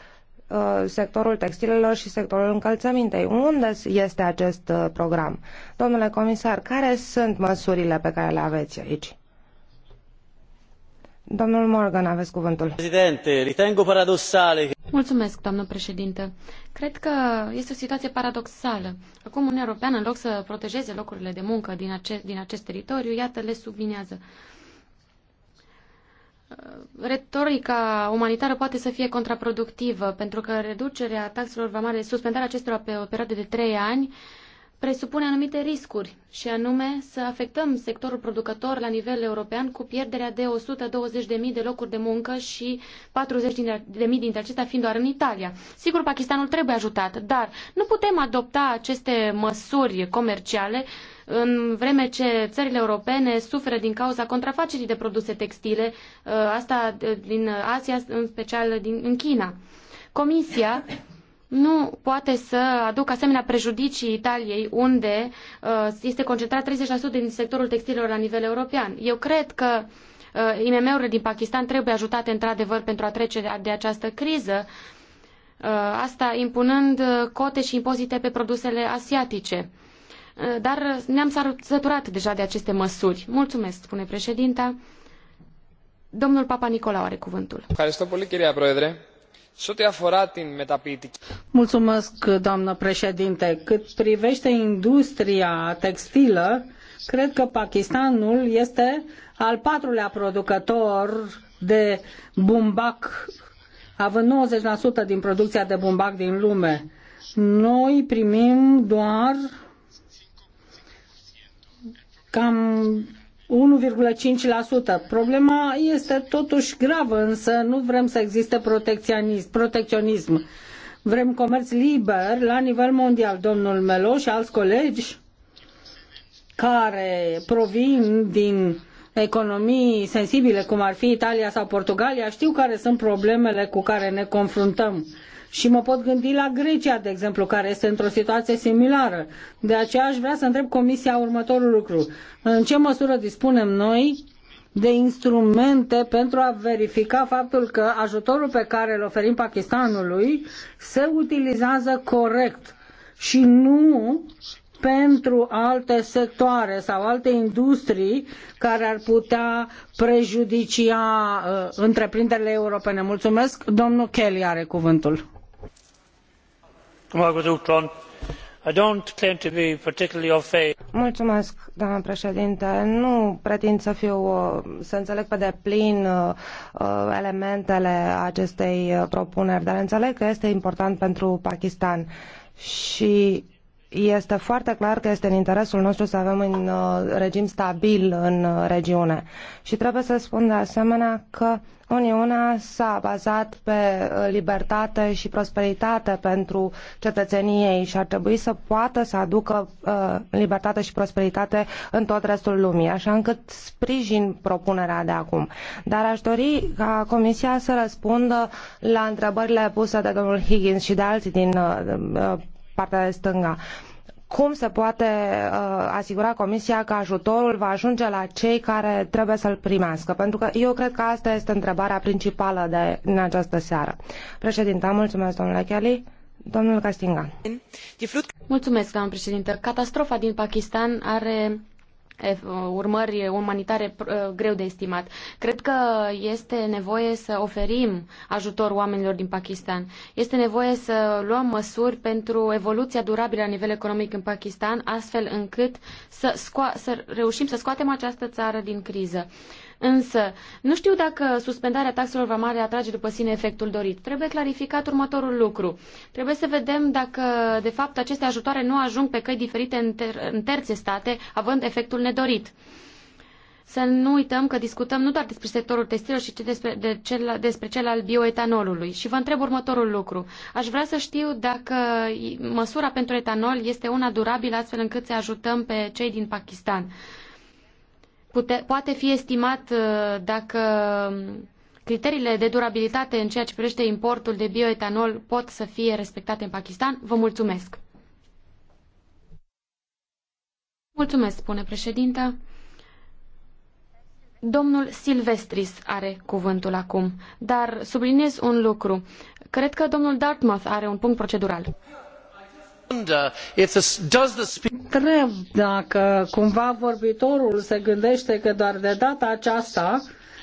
Uh, sectorul textilelor și sectorul încălțămintei. Unde este acest uh, program? Domnule comisar, care sunt măsurile pe care le aveți aici? Domnul Morgan, aveți cuvântul. Președinte, ritengo paradossale. Mulțumesc, doamnă președinte. Cred că este o situație paradoxală. Acum Uniunea Europeană, în loc să protejeze locurile de muncă din, acest din acest teritoriu, iată, le subminează. Uh, Uh, retorica umanitară poate să fie contraproductivă, pentru că reducerea taxelor vamale, suspendarea acestora pe o perioadă de trei ani, uh, presupune anumite riscuri, și anume să afectăm sectorul producător la nivel european cu pierderea de 120.000 de locuri de muncă și 40.000 dintre acestea fiind doar în Italia. Sigur, Pakistanul trebuie ajutat, dar nu putem adopta aceste măsuri comerciale în vreme ce țările europene suferă din cauza contrafacerii de produse textile, ă, asta din Asia, în special din, în China. Comisia nu poate să aducă asemenea prejudicii Italiei, unde uh, este concentrat 30% din sectorul textilelor la nivel european. Eu cred că uh, IMM-urile din Pakistan trebuie ajutate într-adevăr pentru a trece de această criză, uh, asta impunând cote și impozite pe produsele asiatice. Dar ne-am săturat deja de aceste măsuri. Mulțumesc, spune președinta. Domnul Papa Nicolau are cuvântul. Care stă Mulțumesc, doamnă președinte. Cât privește industria textilă, cred că Pakistanul este al patrulea producător de bumbac, având 90% din producția de bumbac din lume. Noi primim doar cam 1,5%. Problema este totuși gravă, însă nu vrem să existe protecționism. Vrem comerț liber la nivel mondial. Domnul Melo și alți colegi care provin din economii sensibile, cum ar fi Italia sau Portugalia, știu care sunt problemele cu care ne confruntăm și mă pot gândi la Grecia, de exemplu, care este într-o situație similară. De aceea aș vrea să întreb Comisia următorul lucru. În ce măsură dispunem noi de instrumente pentru a verifica faptul că ajutorul pe care îl oferim Pakistanului se utilizează corect și nu pentru alte sectoare sau alte industrii care ar putea prejudicia uh, întreprinderile europene. Mulțumesc. Domnul Kelly are cuvântul doamnă președinte nu pretind să uh, să înțeleg pe deplin uh, uh, elementele acestei propuneri dar înțeleg că este important pentru pakistan și este foarte clar că este în interesul nostru să avem un uh, regim stabil în uh, regiune. Și trebuie să spun de asemenea că Uniunea s-a bazat pe uh, libertate și prosperitate pentru cetățenii ei și ar trebui să poată să aducă libertate și prosperitate în tot restul lumii, așa încât sprijin propunerea de acum. Dar aș dori ca Comisia să răspundă la întrebările puse de domnul Higgins și de alții din partea de stânga cum se poate uh, asigura Comisia că ajutorul va ajunge la cei care trebuie să-l primească? Pentru că eu cred că asta este întrebarea principală de, din această seară. Președinte, mulțumesc, domnule Kelly. Domnul Castinga. Mulțumesc, doamnă președinte. Catastrofa din Pakistan are urmări umanitare uh, greu de estimat. Cred că este nevoie să oferim ajutor oamenilor din Pakistan. Este nevoie să luăm măsuri pentru evoluția durabilă la nivel economic în Pakistan, astfel încât să, să reușim să scoatem această țară din criză. Însă, nu știu dacă suspendarea taxelor vamale atrage după sine efectul dorit. Trebuie clarificat următorul lucru. Trebuie să vedem dacă, de fapt, aceste ajutoare nu ajung pe căi diferite în, ter- în terțe state, având efectul nedorit. Să nu uităm că discutăm nu doar despre sectorul textilor, ci despre, de cel, despre cel al bioetanolului. Și vă întreb următorul lucru. Aș vrea să știu dacă măsura pentru etanol este una durabilă, astfel încât să ajutăm pe cei din Pakistan pute, poate fi estimat uh, dacă criteriile de durabilitate în ceea ce privește importul de bioetanol pot să fie respectate în Pakistan? Vă mulțumesc! Mulțumesc, spune președinta. Domnul Silvestris are cuvântul acum, dar subliniez un lucru. Cred că domnul Dartmouth are un punct procedural. Întreb dacă cumva vorbitorul se gândește că doar de data aceasta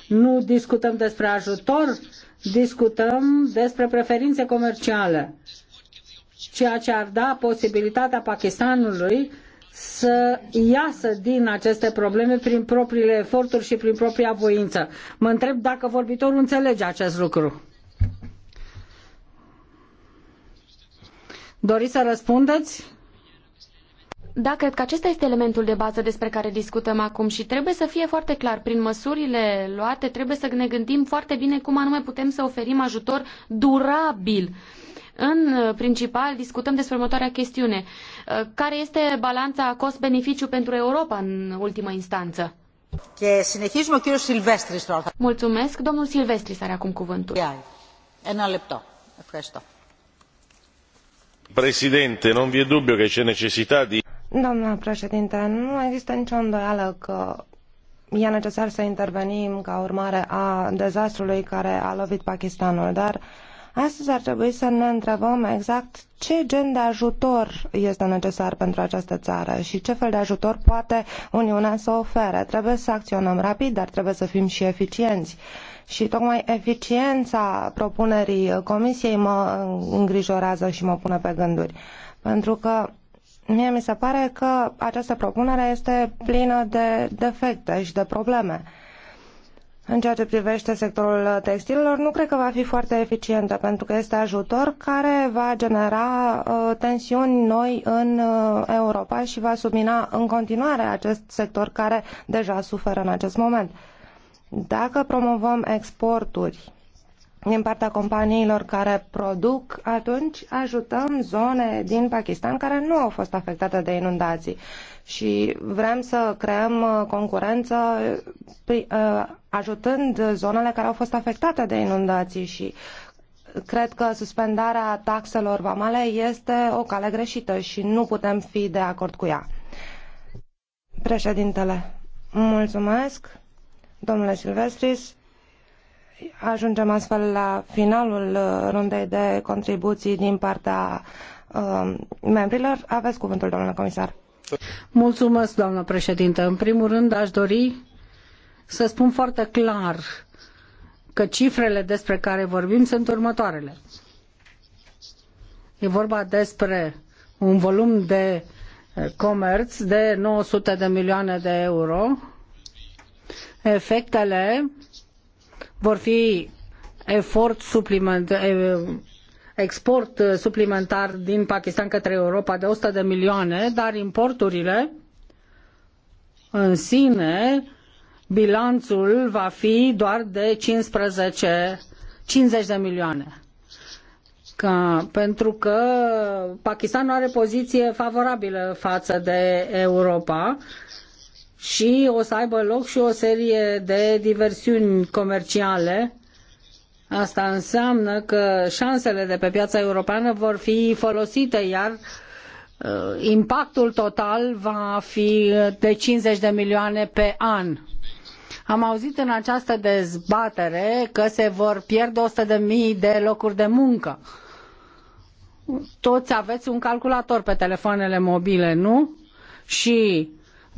nu discutăm despre ajutor, discutăm despre preferințe comerciale, ceea ce ar da posibilitatea Pakistanului să iasă din aceste probleme prin propriile eforturi și prin propria voință. Mă întreb dacă vorbitorul înțelege acest lucru. Doriți să răspundeți? Da, cred că acesta este elementul de bază despre care discutăm acum și trebuie să fie foarte clar. Prin măsurile luate trebuie să ne gândim foarte bine cum anume putem să oferim ajutor durabil. În uh, principal discutăm despre următoarea chestiune. Uh, care este balanța cost-beneficiu pentru Europa în ultimă instanță? Mulțumesc. Domnul Silvestris are acum cuvântul. Ένα λεπτό. Ευχαριστώ. Președinte, nu vi e dubiu că e necessità de. Doamna președinte, nu există nicio îndoială că e necesar să intervenim ca urmare a dezastrului care a lovit Pakistanul, dar astăzi ar trebui să ne întrebăm exact ce gen de ajutor este necesar pentru această țară și ce fel de ajutor poate Uniunea să ofere. Trebuie să acționăm rapid, dar trebuie să fim și eficienți. Și tocmai eficiența propunerii comisiei mă îngrijorează și mă pune pe gânduri. Pentru că mie mi se pare că această propunere este plină de defecte și de probleme. În ceea ce privește sectorul textilelor, nu cred că va fi foarte eficientă, pentru că este ajutor care va genera uh, tensiuni noi în uh, Europa și va submina în continuare acest sector care deja suferă în acest moment. Uh, dacă promovăm exporturi din partea companiilor care produc, atunci ajutăm zone din Pakistan care nu au fost afectate de inundații. Și vrem să creăm uh, concurență uh, ajutând zonele care au fost afectate de inundații și cred că suspendarea taxelor vamale este o cale greșită și nu putem fi de acord cu ea. Președintele, mulțumesc. Domnule Silvestris, ajungem astfel la finalul uh, rundei de contribuții din partea uh, membrilor. Aveți cuvântul, domnule comisar. Mulțumesc, doamnă președintă. În primul rând, aș dori să spun foarte clar că cifrele despre care vorbim sunt următoarele. E vorba despre un volum de uh, comerț de 900 de milioane de euro, Efectele vor fi efort supliment, export suplimentar din Pakistan către Europa de 100 de milioane, dar importurile în sine, bilanțul va fi doar de 15, 50 de milioane. pentru că Pakistanul are poziție favorabilă față de Europa și o să aibă loc și o serie de diversiuni comerciale. Asta înseamnă că șansele de pe piața europeană vor fi folosite, iar uh, impactul total va fi uh, de 50 de milioane pe an. Am auzit în această dezbatere că se vor pierde 100 de mii de locuri de muncă. Toți aveți un calculator pe telefoanele mobile, nu? Și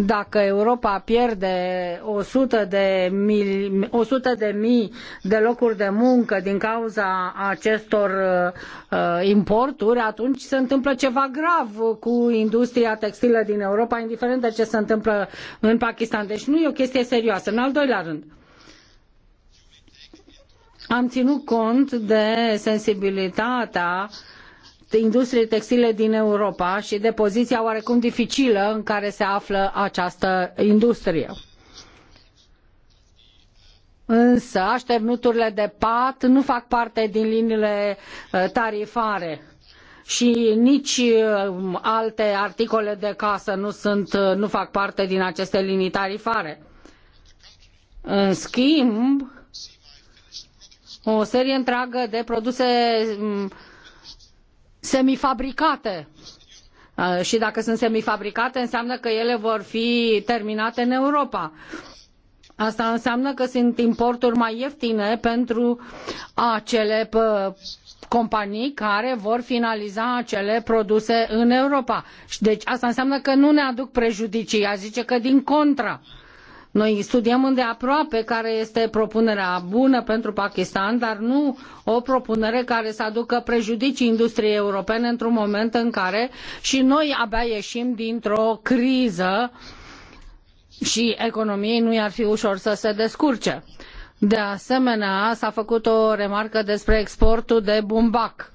dacă Europa pierde 100 de, mil, 100 de mii de locuri de muncă din cauza acestor uh, importuri, atunci se întâmplă ceva grav cu industria textilă din Europa, indiferent de ce se întâmplă în Pakistan. Deci nu e o chestie serioasă. În al doilea rând, am ținut cont de sensibilitatea industriei textile din Europa și de poziția oarecum dificilă în care se află această industrie. Însă așternuturile de pat nu fac parte din liniile ă, tarifare și nici ă, alte articole de casă nu, sunt, ă, nu fac parte din aceste linii tarifare. În schimb, o serie întreagă de produse semifabricate. Uh, și dacă sunt semifabricate, înseamnă că ele vor fi terminate în Europa. Asta înseamnă că sunt importuri mai ieftine pentru acele uh, companii care vor finaliza acele produse în Europa. Deci asta înseamnă că nu ne aduc prejudicii, a zice că din contra. Uh, noi studiem îndeaproape care este propunerea bună pentru Pakistan, dar nu o propunere care să aducă prejudicii industriei europene într-un moment în care și noi abia ieșim dintr-o criză și economiei nu i-ar fi ușor să se descurce. De asemenea, s-a făcut o remarcă despre exportul de bumbac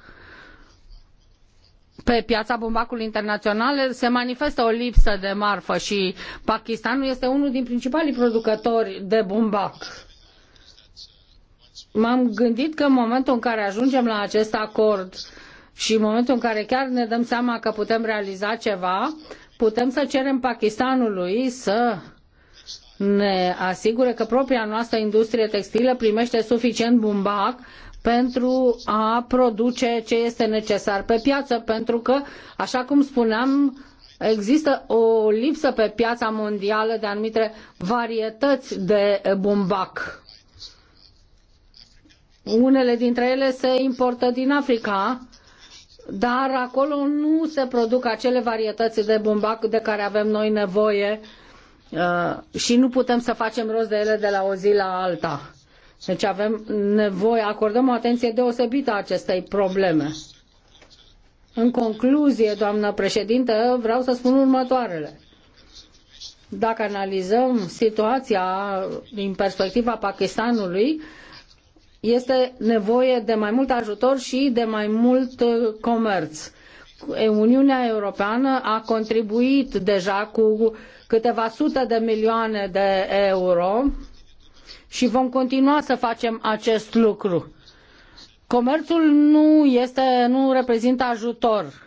pe piața bumbacului internațional se manifestă o lipsă de marfă și Pakistanul este unul din principalii producători de bumbac. M-am gândit că în momentul în care ajungem la acest acord și în momentul în care chiar ne dăm seama că putem realiza ceva, putem să cerem Pakistanului să ne asigure că propria noastră industrie textilă primește suficient bumbac pentru a produce ce este necesar pe piață, pentru că, așa cum spuneam, există o lipsă pe piața mondială de anumite varietăți de bumbac. Unele dintre ele se importă din Africa, dar acolo nu se produc acele varietăți de bumbac de care avem noi nevoie uh, și nu putem să facem rost de ele de la o zi la alta. Deci avem nevoie, acordăm o atenție deosebită acestei probleme. În concluzie, doamnă președintă, vreau să spun următoarele. Dacă analizăm situația din perspectiva Pakistanului, este nevoie de mai mult ajutor și de mai mult uh, comerț. Uniunea Europeană a contribuit deja cu câteva sute de milioane de euro și vom continua să facem acest lucru. Comerțul nu, este, nu reprezintă ajutor.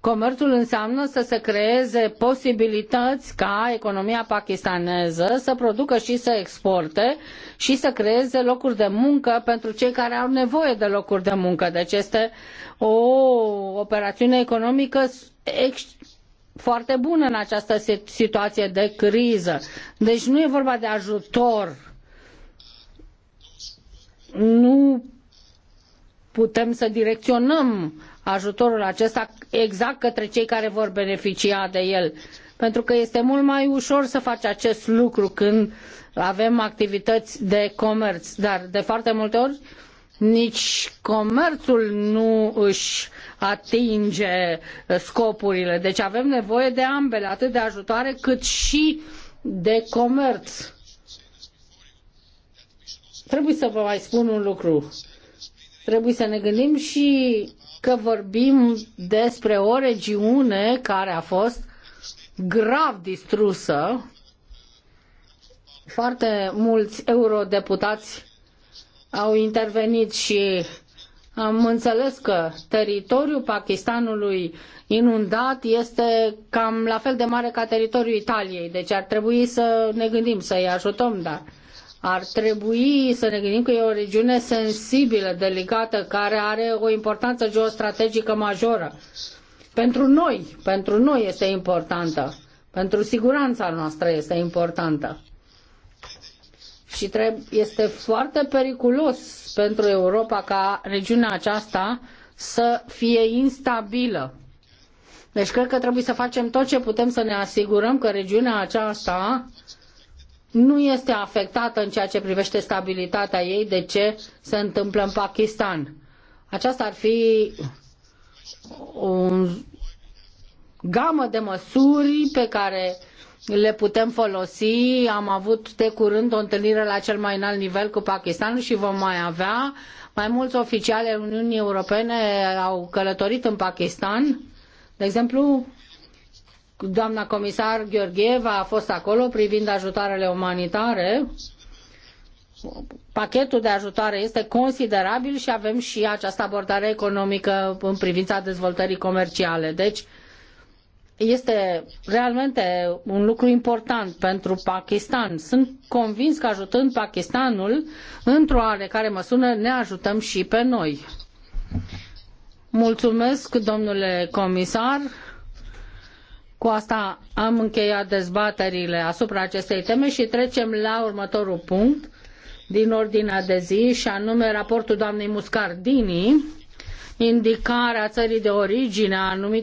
Comerțul înseamnă să se creeze posibilități ca economia pakistaneză să producă și să exporte și să creeze locuri de muncă pentru cei care au nevoie de locuri de muncă. Deci este o operațiune economică foarte bună în această situație de criză. Deci nu e vorba de ajutor nu putem să direcționăm ajutorul acesta exact către cei care vor beneficia de el. Pentru că este mult mai ușor să faci acest lucru când avem activități de comerț, dar de foarte multe ori nici comerțul nu își atinge scopurile. Deci avem nevoie de ambele, atât de ajutoare cât și de comerț Trebuie să vă mai spun un lucru. Trebuie să ne gândim și că vorbim despre o regiune care a fost grav distrusă. Foarte mulți eurodeputați au intervenit și am înțeles că teritoriul Pakistanului inundat este cam la fel de mare ca teritoriul Italiei, deci ar trebui să ne gândim să-i ajutăm, dar ar trebui să ne gândim că e o regiune sensibilă, delicată, care are o importanță geostrategică majoră. Pentru noi, pentru noi este importantă. Pentru siguranța noastră este importantă. Și este foarte periculos pentru Europa ca regiunea aceasta să fie instabilă. Deci cred că trebuie să facem tot ce putem să ne asigurăm că regiunea aceasta nu este afectată în ceea ce privește stabilitatea ei de ce se întâmplă în Pakistan. Aceasta ar fi o gamă de măsuri pe care le putem folosi. Am avut de curând o întâlnire la cel mai înalt nivel cu Pakistanul și vom mai avea. Mai mulți oficiali ai Uniunii Europene au călătorit în Pakistan. De exemplu, Doamna comisar Gheorgheva a fost acolo privind ajutoarele umanitare. Pachetul de ajutoare este considerabil și avem și această abordare economică în privința dezvoltării comerciale. Deci, este realmente un lucru important pentru Pakistan. Sunt convins că ajutând Pakistanul, într-o oarecare măsură ne ajutăm și pe noi. Mulțumesc, domnule comisar. Cu asta am încheiat dezbaterile asupra acestei teme și trecem la următorul punct din ordinea de zi și anume raportul doamnei Muscardini, indicarea țării de origine a anumitor